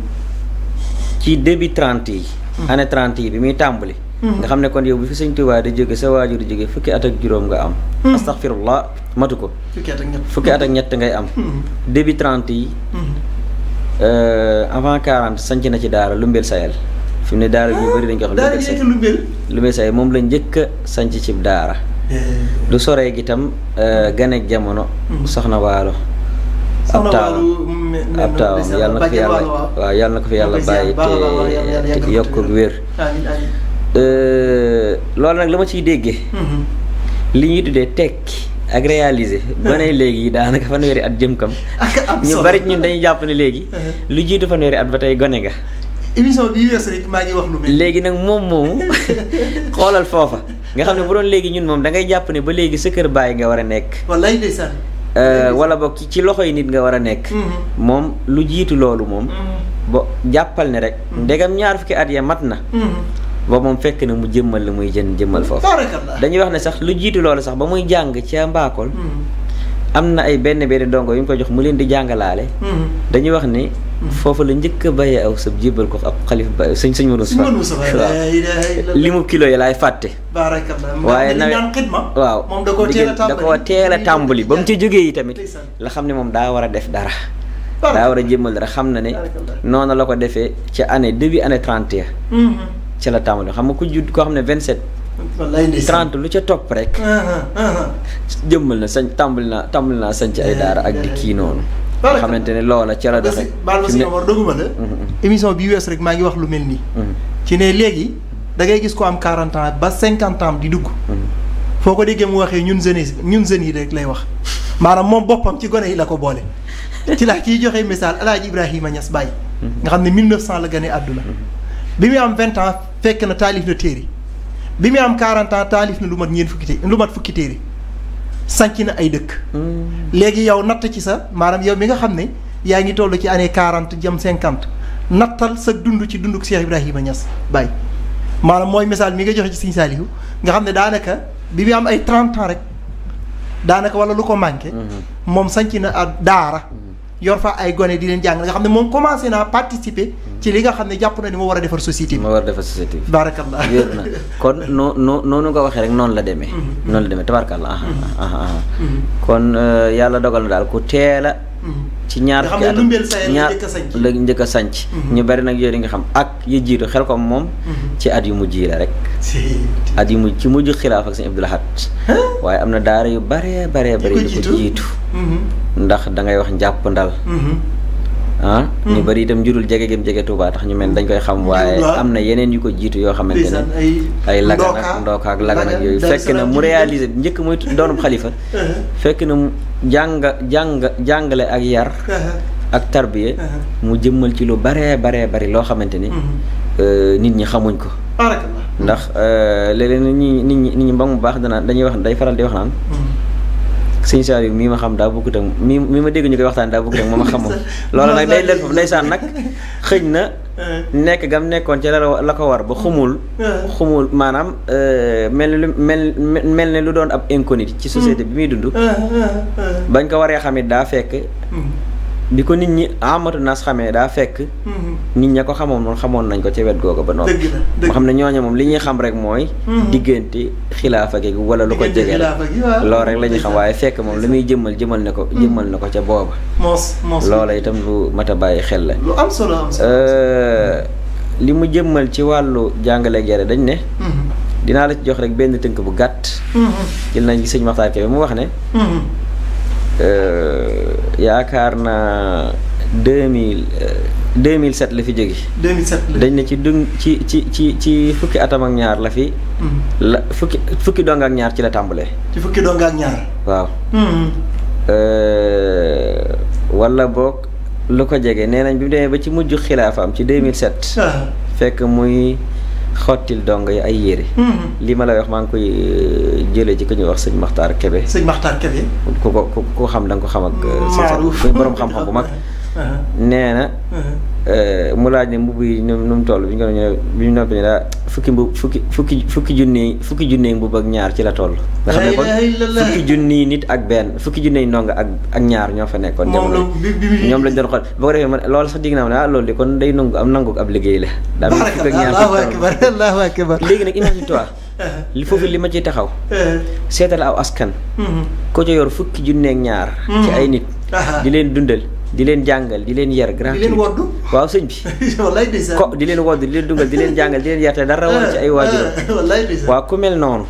ci début 30 yi. Mm-hmm. année 30 yi bi muy tàmbali. Mm-hmm. nga xam ne kon yow bi fi sëñ Tuubaa di jóge sa waajur di jóge fukki at ak juróom nga am. astaghfirullah matu ko. fukki at ak ñett fukki ngay am. début yi. Euh, avant 40 sanc na ci daara Lumbel Sayel fi mu ne daara yu bëri dañ koy lu ah, Lumbel Lumbel Sayel moom lañ njëkk a sanc ci daara lu eh. soree gi itam euh, ganeeg jamono hmm. soxna waalo ab taawam ab taawam yàlla na ko fi yàlla waaw yàlla na ko fi yàlla bàyyi te te yokk wér euh, loolu nag la ma ciy déggee hmm. li ñuy tuddee tekki ak réalisé gone léegi daanaka fanweeri at jëm kam ñu bari ñun dañuy jàpp ne léegi uh-huh. lu jiitu fanweeri at ba tey gone nga émission bi weesu maa ngi wax lu léegi nag moom moomu xoolal foofa nga xam ne bu doon léegi ñun moom da ngay jàpp ne ba léegi sa kër bàyyi nga war a nekk wallaay ndeysaan uh, wala boog ci loxo yi nit nga war a nekk mm-hmm. moom lu jiitu loolu moom mm-hmm. ba jàppal ne rek mm-hmm. ndegam ñaar fukki at ya mat na ba moom fekk na mu jëmmal la muy jën jëmmal foofa dañuy wax ne sax lu jiitu loolu sax ba muy jàng ca mbaakool hmm. am na ay benn benn dongo yu ñu ko jox mu leen di jàngalaale hmm. dañuy wax ni hmm. foofu la njëkk a bàyyee aw sa jibal ko ak xalif ba sëñ sëñ mënu sa li mu kilo yi laay fàtte waaye nawet waaw da koo teel a tàmbali ba mu ci jógee yi tamit la xam ne moom daa war a def dara daa war a jëmmal dara xam na ne noonu la ko defee ca année début année trente ci la tàmbali xam nga ku judd koo xam ne vingt wallaay ndeysaan lu ca topp rek. Ah, ah, ah, jëmmal na sañ tàmbali naa tàmbali naa sañ ay daara ak di kii noonu. nga xamante ne loola ca la doxee. baal ma si war doguma la. Mm-hmm, mm-hmm. émission bi wees rek maa ngi wax lu mel nii. Mm-hmm. ci ne léegi dangay gis ko am 40 ans ba 50 ans di dugg. foo ko déggee mu waxee ñun jeunes ñun jeunes yi rek lay wax maanaam moom boppam ci gone yi la ko boole. ci laa kiy joxe misaal El Hadj Ibrahima Niass Baye. nga xam ne 1900 la gane àdduna. bi muy am vingt ans fekk na taalif na téere bi muy am quarante ans taalif na lu mat ñeent fukki téere lu mat fukki téere sanc na ay dëkk mm. léegi yow natt ci sa maanaam yow mi nga xam ne yaa ngi toll ci année quarante jëm cinquante nattal sa dund ci dund Cheikh Ibrahima Niass Baye maanaam mooy misaal mi nga joxe ci Sëriñ Saalihu nga xam ne daanaka bi muy am ay trente ans rek daanaka wala lu ko manqué mm-hmm. moom sanc na daara mm-hmm. yor fa ay gone di leen jàng nga xam ne moom commencé naa participer ci li nga xam ne jàpp na ni ma war a defar société bi. ma war a defar société bi. baarakallah wér na kon noo noo noonu nga waxee rek noonu la demee. Mm-hmm. noonu la demee tabaarakallah. Mm-hmm. Mm-hmm. kon euh, yàlla dogal na daal ku teel a. ci ñaar nga xam ne ñaar la njëkk a sanc ñu bari nag yooyu nga xam ak yi jiitu xel ko moom. ci at yu mujj yi la rek. at yu mujj ci mujj xilaaf ak sëñ Abdul Ahad waaye am na daara yu baree baree bari yu ko jiitu. ndax da ngay wax njàpp ndal mhm. ah, ñu mhm. bari itam njurul jege gim jege Touba tax ñu mel ni dañ koy xam waaye am na yeneen yu ko jiitu yoo xamante ne ay lagan ak ndooka ak yooyu fekk na mu réaliser njëkk mooy doonub xalifa uh-huh. fekk na mu jàng jàng jàngale ak yar uh-huh. ak tarbiye uh-huh. mu jëmmal ci lu baree baree bari loo xamante ni euh, nit ñi xamuñ ko ndax euh, léeg-léeg nit ñi nit ñi nit ñi ba mu baax danaan dañuy wax day faral di wax naan sëñ Saliou mii ma xam daa bokkut ak mii mii ma dégg ñu koy waxtaan daa bokkut ak ma ma xamoon nag day leen foofu ndeysaan nag xëj na nekk gam nekkoon ci la la ko war ba xumul xumul maanaam euh, mel ne lu mel mel ne lu doon ab inconnu ci société bi muy dund bañ ko waree xam it daa fekk hmm. ni ko nit ñi amatu ah, nas xamee daa fekk. Mhm. nit ña ko xamoon moom xamoon nañ ko ca wet googu ba noonu. dëgg xam ne ñooñu moom li ñuy xam rek mooy. Mhm. diggante xilaafa gi wala lu ko jege la. loolu rek la ñuy xam waaye fekk moom lu muy jëmmal jëmmal na ko. Mhm. jëmmal na ko ca booba. moos moos loola itam lu mat a bàyyi xel la. lu am solo euh, li mu jëmmal ci wàllu jàngale yare dañ ne. dinaa la ci jox rek benn tënk bu gàtt. jël nañ ci sëñ Maxtaar Kebe mu wax ne. Euh, yaakaar na deux mille euh, deux mille sept la fi jóge dañ ne ci dun ci ci ci ci fukki atam ak ñaar la fi. Mhm. la fukki fukki dong ñaar ci la tàmbalee. ci fukki dong ak ñaar. waaw. Mhm. Euh, wala boog lu ko jege nee nañ bi mu demee ba ci mujj xilaafaam ci deux mille sept ah. fekk muy. xottil dong yi ay yére. Hmm. li ma la wax maa ngi koy euh, jëlee ci ku ñuy wax sëñ Makhtar Kebe. sëñ Makhtar Kebe. ku ko ku xam da nga ko xam ak. Euh, hmm, borom xam-xam bu mag. Uh-huh. nee na. Uh-huh. Eh, mu laaj ne mbubb yi nu mu toll bi ñu ko doon bi ñu noppi ne daa fukki mbub fukki fukki fukki junni fukki junni mbubb ak ñaar ci la toll. nga xam ne kon fukki junni nit ak benn fukki junni ndong ak ak ñaar ñoo fa nekkoon. jamono ñoom lañ doon xool boo ko defee man loolu sax digg naa ne ah loolu de kon day nangu am nangu ab liggéey la. daa mel fukki ak ñaar léegi nag imagine toi li foofu li ma ci taxaw. Uh-huh. seetal aw askan. Mm-hmm. ko ca yor fukki junneeg ñaar. Mm-hmm. ci ay nit di leen dundal di leen jàngal di leen yar grand di leen wodd waaw sëñ bi ko di leen wodd di leen dungal di leen jàngal di leen yar te dara war ci ay ah, waajur ah, waaw ku mel noonu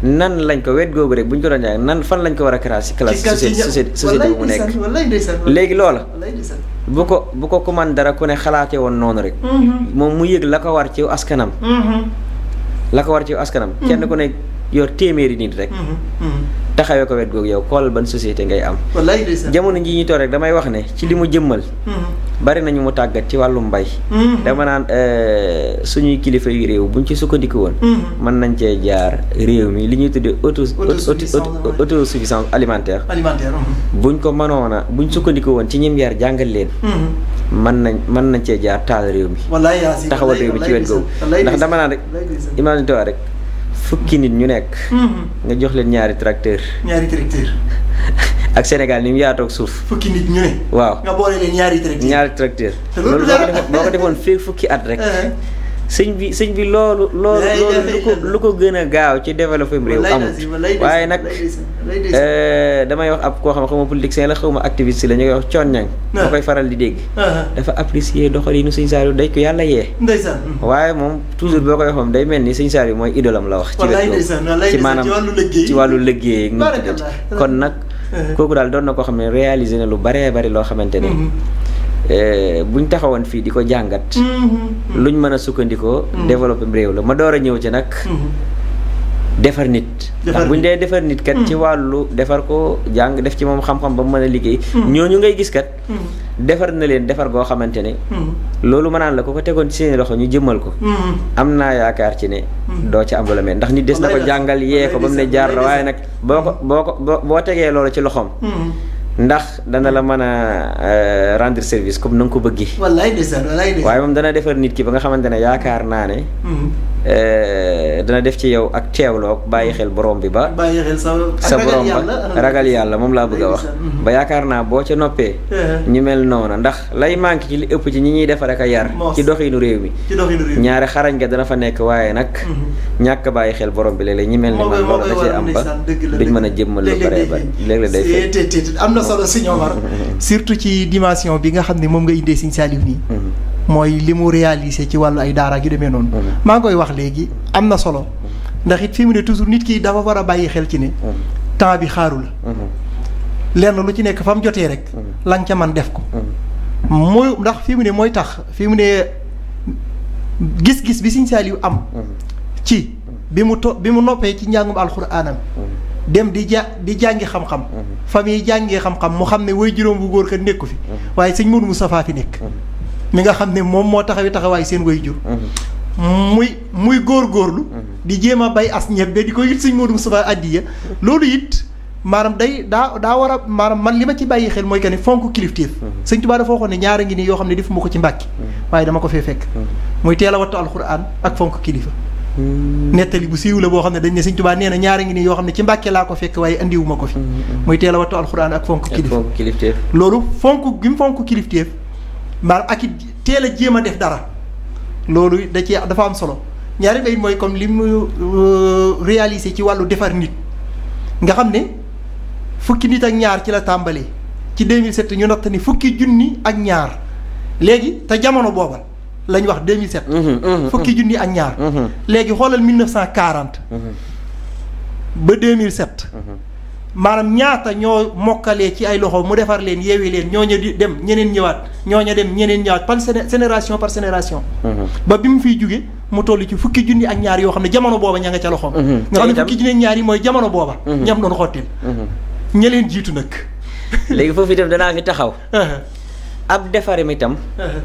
nan lañ ko wet googu rek bu ñu ko doon jàng nan fan lañ ko war a karaas si classe société société bu mu nekk léegi loola bu ko bu ko commande dara ku ne xalaate woon noonu rek mm-hmm. moom mu yëg la ko war ci askanam mm-hmm. la ko war ci askanam kenn mm-hmm. ku ne yor téeméeri nit rek. Mm-hmm, mm-hmm. taxawee ko wet googu yow xoolal ban société ngay am. jamono ji ñu toog rek damay wax ne ci li mu mm-hmm. jëmmal. bari nañu mu tàggat ci wàllum mbay. dama naan euh, suñuy kilifa yu réew buñ ci sukkandiku woon. mën nañ cee jaar réew mi li ñuy tuddee auto autosuffisance alimentaire. alimentaire buñ ko mënoon a buñ sukkandiku woon ci ñim yar jàngal leen. mën nañ mën nañ cee jaar taal réew mi. taxawal réew mi ci wet googu ndax dama rek. fukki nit ñu nekk. Mhm. nga jox leen ñaari tracteur ñaari tracteur ak Sénégal ni mu yaatoog suuf. fukki nit ñu ne. waaw nga boole leen ñaari tracteur ñaari tracteur loolu boo ko defoon fii fukki at rek. Eh. sëñ bi sëñ bi loolu. loolu lu ko lu ko gën a gaaw ci développé réew amut waaye nag euh, damay wax ab koo xam xaw ma politicien la xaw ma activiste la ñu koy wax coon ñang ah. ma koy faral di dégg. Ah. dafa apprécier doxalinu sëñ Saliou day ko yàlla yee. ndeysaan waaye moom toujours boo koy wax day mel ni sëñ Saliou mooy idolam la wax. ci wàllu ci maanaam ci wàllu liggéey kon nag ah. kooku daal doon na koo xam ne réaliser na lu baree bari loo xamante ne. Eh, bu ñu taxawoon fii di ko jàngat. lu mm-hmm. luñ mën a sukkandikoo. Mm-hmm. développé réew la ma door a ñëw ci nag. Mm-hmm. defar nit. ndax buñ dee defar nit kat. ci wàllu defar ko jàng def ci moom xam-xam ba mu mën a liggéey. ñoo ñu ngay gis kat. defar na leen defar goo xamante ne. loolu ma naan la ko ko tegoon ci seen loxo ñu jëmmal ko. am naa yaakaar ci ne. doo ci am ndax nit des na ko jàngal yee ko ba mu ne jaar la waaye nag boo ko boo ko boo tegee loolu ci loxoom. ndax dana la mën a euh, rendre service comme na nga ko bëggee. wallaay ndeysaan waaye moom dana defar nit ki ba nga xamante ne yaakaar naa ne. Mm-hmm. dana def ci yow ak teewloog bàyyi xel borom bi ba. xel sa borom ba ragal yàlla moom laa bëgg a wax. Mhm. ba yaakaar naa boo ca noppee. Eh. ñu mel noona ndax lay manqué ci li ëpp ci ñi ñuy defar ak a yar. ci doxinu réew mi. ñaari xarañ nga dana fa nekk waaye nag. Mhm. ñàkk bàyyi xel borom bi léeg-léeg ñu mel ni man loolu da cee am ba duñ mën a jëmmal lu bare bare léeg-léeg day am na solo si mhm. surtout ci dimension bi nga xam ne moom nga indee Sëñ Saliou nii mooy li mu réalisé ci wàllu ay daara yu demee noonu. maa ngi koy wax léegi am na solo. ndaxit it fi mu ne toujours nit kii dafa war a bàyyi xel ci ne. temps bi xaarul. lenn lu ci nekk fa mu jotee rek. lan nga ca man def ko. mooy ndax fi mu ne mooy tax fi mu ne gis-gis bi Sëriñ Saaliw am. ci bi mu to bi mu noppee ci njàngum alxuraanam. dem di ja di jàngi xam-xam. fa muy jàngee xam-xam mu xam ne way juróom bu góor ka nekku fi. waaye sëñ Mourou safaa fi nekk. mi nga xam ne moom moo taxawi taxawaay seen waajur mhm. muy muy góorgóorlu mhm. di jéem a bay as ñebbe di ko it sëñ Modou Moustapha addiya mhm. loolu it maanaam day daa daa war a maanaam man li ma ci bàyyi xel mooy que ne fonk kilifteef sëñ Tuubaa dafa waxoon ne ñaar ngi yoo xam ne defuma ko ci mbàkki waaye dama ko fee fekk muy teel a wattu alxuraan ak fonk kilifa nettali bu siiw la boo xam ne dañ ne sëñ nee na ñaara ngi yoo xam ne ci mbàkke laa ko fekk waaye andiwuma ko fi muy teel a wattu alxuraan ak fonk kilif kilifteef loolu fonk gi mu fonk kilifteef maanaam ak it teel a jéem a def dara loolu da cee dafa am solo ñaari bayit mooy comme li mu euh, réalisé ci wàllu defar nit nga xam ne fukki nit ak ñaar ci la tàmbalee ci 2007 ñu natt ni fukki junni ak ñaar léegi te jamono booba lañ wax 2007. fukki junni ak ñaar. léegi xoolal 1940. ba 2007. maanaam ñaata ñoo mokkalee ci ay loxo mu defar leen yeewi leen ñooñu di dem ñeneen ñëwaat ñooñu dem ñeneen ñëwaat par sénération par génération. Mm-hmm. ba bi mu fiy jugee mu toll ci fukki junni ak ñaar yoo xam ne jamono booba ña nga ca loxoom. Mm-hmm. nga xam ne fukki junni ak ñaar yi mooy jamono booba. Mm-hmm. ñam doon xottil. ña leen jiitu nag. léegi foofu itam danaa fi taxaw. Uh-huh. ab defarim tam uh-huh.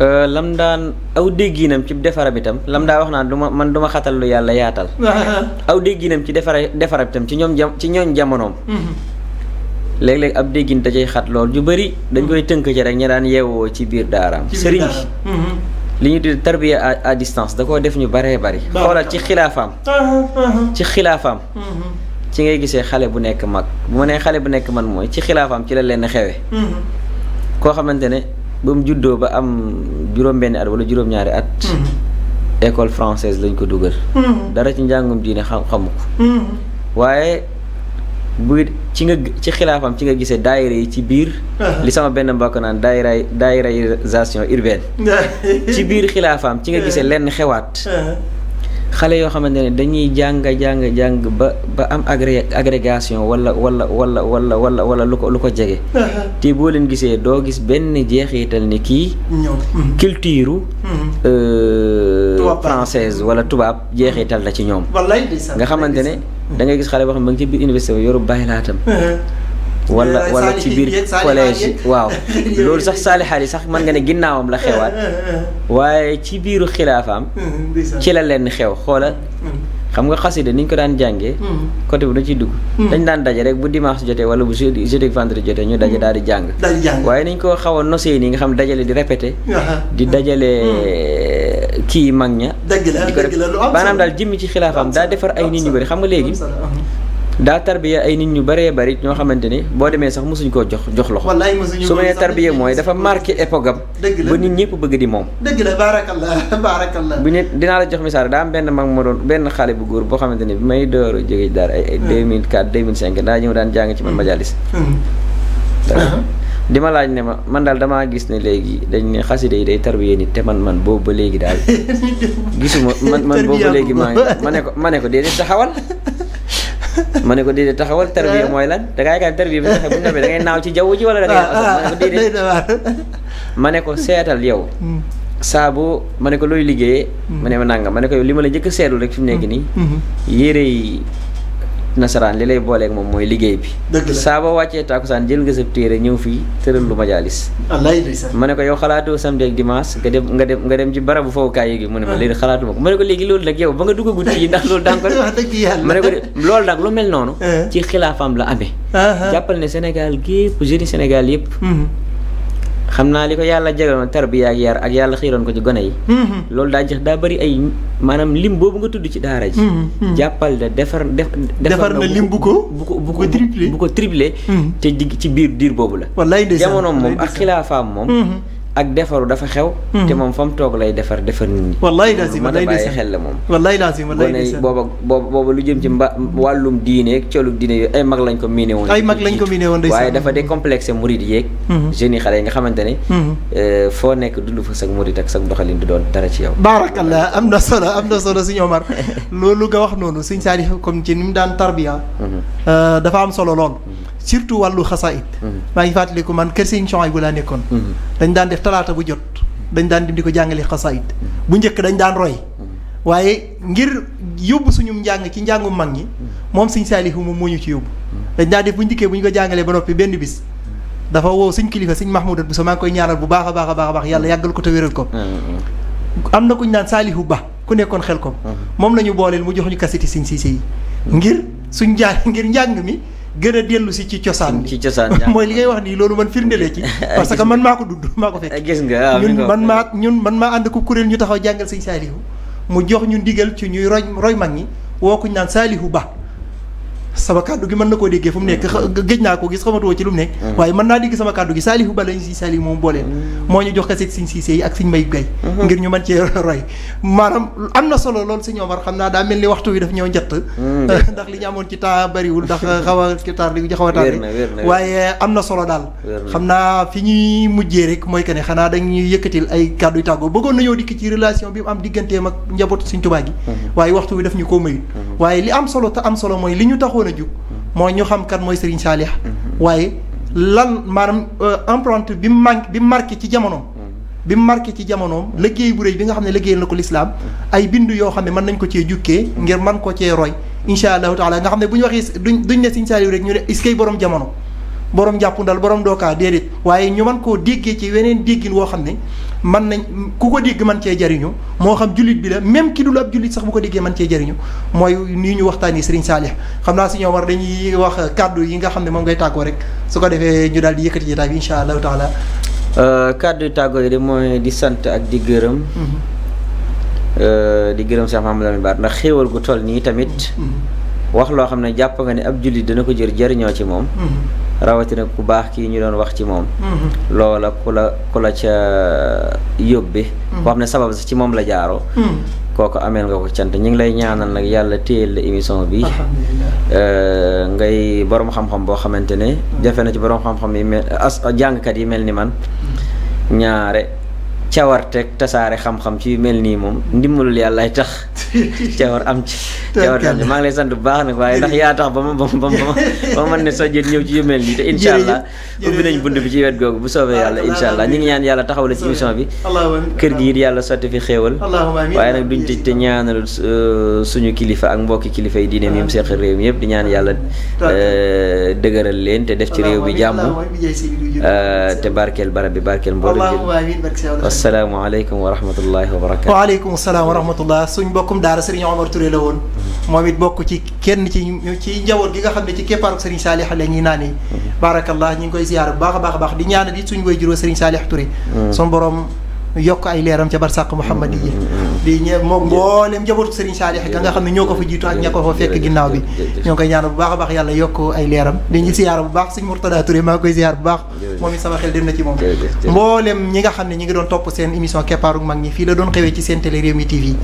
Euh, lam daan aw dégginam ci defaram itam lam daa wax naan du ma man du ma xatal lu yàlla yaatal aw dégginam ci defara defaram itam ci ñoom jam ci ñoom jamonoom mm-hmm. léeg-léeg ab déggin da xat lool ju bëri dañ koy mm-hmm. tënk ci rek ña daan yeewoo ci biir daaraam sëriñ bi mm-hmm. li ñu tuddee tarbiya à distance da koo def ñu bëree bëri xoolal ci xilaafaam ci xilaafaam ci ngay gisee xale bu nekk mag bu ma nee xale bu nekk man mooy ci xilaafaam ci la leen xewe koo xamante ne ba mu juddoo ba am juróom-benn at wala juróom-ñaari at. école française lañ ko dugal. dara ci njàngum diine xam xamu waaye bu ci nga ci xilaafam ci nga gisee daayira yi ci biir. li sama benn mbokk naan daayira daayiraisation urbaine. ci biir xilaafam ci nga gisee lenn xewaat. xale yoo xamante ne dañuy jàng jàng jàng ba ba am agré agrégation walla walla wala wala wala wala lu ko lu ko jege. Uh-huh. te boo leen gisee doo gis benn jeexital ni kii. Mm-hmm. culture. Mm-hmm. Euh, française wala tubaab mm-hmm. jeexital la ci ñoom. nga xamante ne da ngay gis xale boo xam ba nga ci biir université bi yoru bàyyi laatam uh-huh. wala wala ci biir collège yi waaw loolu sax saalixaal yi sax man nga ne ginnaawam la xewaat eh, eh, eh, waaye ci biiru xilaafaam hmm, hmm, ci la leen xew xoola hmm. xam nga xasida ni ñu ko daan jàngee coté bu da ciy dugg dañ daan daje rek bu dimanche jotee wala bu jeudi vendredi jotee ñu daje daal di jàng waaye niñ koo xaw a nosee nii nga xam dajale di repete di dajale kii mag ña. dëgg la dëgg la lu am daal jëmmi ci xilaafaam daa defar ay nit ñu bëri xam nga léegi. daa tarbiya ay nit ñu bëree bëri ñoo xamante ni boo demee sax mosuñ koo jox jox loxo su ma nee tarbiya mooy dafa marqué époque am ba nit ñëpp bëgg di moom dëgg la baarakallah baarakallah bu nit dinaa la jox misaal daa am benn mag ma doon benn xale bu góor boo xamante ni bi may door a jóge daara ay 2004 2005 hmm. daa ñëw daan hmm. Hmm. Uh-huh. di ma laaj ne ma man daal damaa gis ne léegi dañ ne xaside yi day tarbiye nit te man man boobu ba léegi daal gisuma man man boobu léegi maa ma ne ko ma ne ko déedéet taxawal ma ne ko déedéet taxawal tarbiya eh. mooy lan da ngay yaakaar tarbiya bi nga xam da ngay naaw ci jaww ji wala da ngay ma ne ko déedéet ah, ah, ma ne ko seetal yow hmm. saa boo ma ne ko looy liggéeyee hmm. ma ne ma nangam ma ko yow li ma la njëkk seetlu rek fi mu hmm. nii yére nasaraan li lay booleeg moom mooy liggéey bi. saa ba wàccee taakusaan jël nga sa téere ñëw fii tëral lu majaalis. ma ne ko yow xalaatoo samedi ak dimanche nga dem nga dem nga dem ci barabu fowukaay yi mu ne ma ah. léegi xalaatu ko ma ne ko léegi loolu nag yow ba nga duggagut fii ndax loolu danga ko ma ne ko loolu nag lu mel noonu ah. ci xilaafam la amee ah, jàppal ne Sénégal gépp jeune Sénégal yëpp mm-hmm. xam naa li ko yàlla jagaloon tarbiya ak yar ak yàlla xiiroon ko ci gone yi mm-hmm. loolu daa jeex daa bëri ay maanaam lim boobu nga tudd ci daara ji mm-hmm. Mm-hmm. jàppal da defar defar na lim bu ko bu ko bu ko triplé bu ko triplé te ci biir diir boobu la jamonoom moom ak xilaafaam moom ak defaru dafa xew. Hmm. te moom fa mu toog lay defar defar nit ñi. wallaay lazim wallaay mën a bàyyi xel la moom. wallaay lazim wallaay lazim booba booba lu jëm ci mba wàllum diine ak colub diine yooyu ay mag lañ ko miine woon. ay mag lañ ko miine woon waaye dafa décomplexé murid yeeg. Hmm. jeunes yi xale yi nga xamante ne. Hmm. Euh, foo nekk dund fa sag murid ak sag doxalin du doon dara ci yow. baarakallah am na solo am na solo suñu Omar loolu nga wax noonu suñu Saalix comme ci ni mu daan tarbiya. Euh, dafa am solo surtout wàllu xasaayit mhm. maa ngi ko man kër Serigne bu laa nekkoon mhm. dañ daan def talaata bu jot dañ daan dem di ko jàngale xasaayit mhm. bu njëkk dañ daan roy waaye ngir yóbbu suñu njàng ci njàngu mag ñi moom Serigne Saliou moom moo ñu ci yóbbu dañ daan def bu njëkkee bu ñu ko jàngalee ba noppi benn bis dafa woow suñ kilifa suñ Mahmoudat bi so maa koy ñaanal bu baax a baax a baax yàlla yàggal ko te wéral ko am na ko ñu naan Saliou Ba ku nekkoon xel ko moom la ñu booleel mu jox ñu kasiti Serigne Cissé yi ngir suñ jaar ngir njàng mi gën a dellu si ci cosaan ci cosaan mooy li ngay wax nii loolu man firndelee ci parce que man maa ko dudd maa ko fekk gis nga ñun man maa ñun man maa ànd ko kuréel ñu taxaw jàngal sëñ saalihu mu jox ñu ndigal ci ñuy roy roy mag ñi woo kuñ naan saalihu ba sama kàddu gi mën na koo déggee fu mu nekk mm-hmm. géej naa ko gis xamatoo ci lu mu nekk mm-hmm. waaye mën naa dégg sama kàddu gi saalihu bala ñu si saalihu moom booleen mm-hmm. moo ñu jox kaseeg siñ siisee yi ak am si naa daa mel ni waxtu wi daf ñoo njëtt ndax li ñu amoon ci temps bariwul ndax euh, xaw a tar li xaw a tar waaye am na solo daal xam naa fi ñuy mujjee rek mooy que ne xanaa dañuy yëkkatil ay kàddu yu tàggoo bëggoon nañoo dikk ci relation bi mu am digganteem ak njabootu siñ tubaa gi waaye waxtu wi daf ñu koo mayul li am solo te am solo mooy li ñu taxoon a jub mooy ñu xam kan mooy Serigne Saliou waaye lan maanaam euh, empreinte bi mu manqué bi mu marqué ci jamonoom. bi mu marqué ci jamonoom liggéey bu rëy bi nga xam ne liggéeyal na ko lislaam ay bindu yoo xam ne mën nañ ko cee jukkee ngir mën ko cee roy incha allahu taala nga xam ne bu ñu waxee duñ duñ ne Serigne Saliou rek ñu ne iskay borom jamono. borom jàppandal borom dookaa déedéet waaye ñu man koo déggee ci weneen déggin woo xam ne man nañ ku ko dégg mën cee jariñu moo xam jullit bi la même ki dul ab jullit sax bu ko déggee mën cee jariñu mooy nii ñu waxtaanee Serigne Saliou xam naa suñoo war dañuy wax kàddu yi xam ne moom ngay tàggoo rek su ko defee ñu daal di yëkkati jotaay bi incha allahu taala euh, kàddu yu tàggoo yi de mooy di sant ak di gërëm mm-hmm. euh, di gërëm Cheikh Mahamadou Lamine Bara ndax xéewal gu toll nii tamit mm-hmm. wax loo xam ne jàpp nga ne ab jullit dana ko jër jariñoo ci moom mm-hmm. rawatina ku baax kii ñu doon wax ci moom mm-hmm. loola ku la ku la ca yóbbi mm-hmm. koo xam ne sabab sax ci moom la jaaroo mm-hmm. kooku ameel nga ko cant ñu ngi lay ñaanal nag yàlla téyel la émission bi euh, ngay boroom xam-xam boo xamante ne jafe na ci borom xam-xam yi mel as jàngkat yi mel ni man ñaare cawarteeg tasaare xam-xam ci mel nii moom ndimbalul yàlla ay tax cawar am ci cawar am ci maa ngi lay sant bu baax nag waaye ndax yaa tax ba ma ba ma ba ma mën ne sojjet ñëw ci yu mel nii te incha allah ubbi nañ bunt bi ci wet googu bu soobee yàlla incha allah ñu ngi ñaan yàlla taxaw la ci émission bi kër gi it yàlla sotti fi xéewal waaye nag duñ tëj te ñaanal euh, suñu kilifa ak mbokki kilifa yi diine mi mu seq réew mi yëpp di ñaan yàlla euh, dëgëral leen te def ci réew bi jàmm euh, te barkeel barab bi barkeel mbooloo asalaamaaleykum wa rahmatullahi wa barakaatu. waaleykum salaam wa rahmatullah suñ mbokkum daara Serigne Omar Touré la woon. moom it bokk ci kenn ci ci njaboot gi nga xam ne ci keppaaru Serigne Salih la ñuy naanee. Mhm. baarakallah ñu ngi koy ziyaar bu baax a baax a baax di ñaanal it suñu woy juróo Serigne Salih Touré. Mhm. suñu borom. yokk ay leeram ca barsàq muhammad yi di ñe moom mboolem njabootu Serigne Saliou ga nga xam ne ñoo ko fa jiitu ak ña ko fa fekk ginnaaw bi ñoo koy ñaan bu baax a baax yàlla yokk ay leeram di ñu siyaara bu baax Serigne Mourtada Touré maa ngi koy siyaar bu baax moom it sama xel dem na ci moom mboolem ñi nga xam ne ñi ngi doon topp seen émission keppaaru mag ñi fii la doon xewee ci seen télé Rewmi TV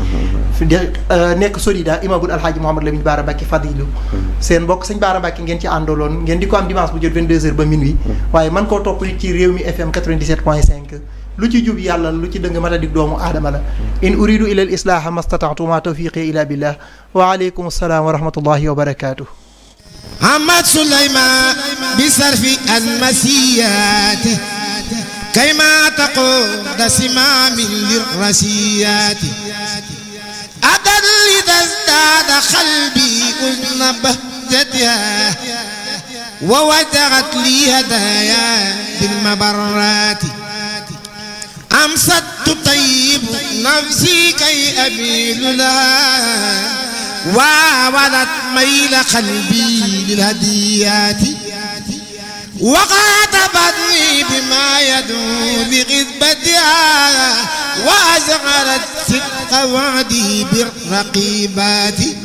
di euh, nekk solida imamul alhaaji Mouhamad Lamine Bara Mbacké Fadilu seen ngeen ci àndoloon ngeen di ko am dimanche bu jot 22 lu ci jub yàlla lu ci dëng matadik doomu aadama la in uridu ila al islaaha mastata'tu ma tawfiqi ila billah wa aleykum assalaam wa rahmatullahi wa barakaatuh Ahmad Souleymane bi sarfi al masiyaati kayma taqooda simaamin lirrasiyaati adan lidaa zdaada qalbi uzna bahjatihaa wa wajahat li hadaayaa bil mabaraati أمسدت طيب نفسي كي أميل لها وولت ميل قلبي للهديات وخاطبتني بما يدعو لغذبتها وأزغرت صدق وعده بالرقيبات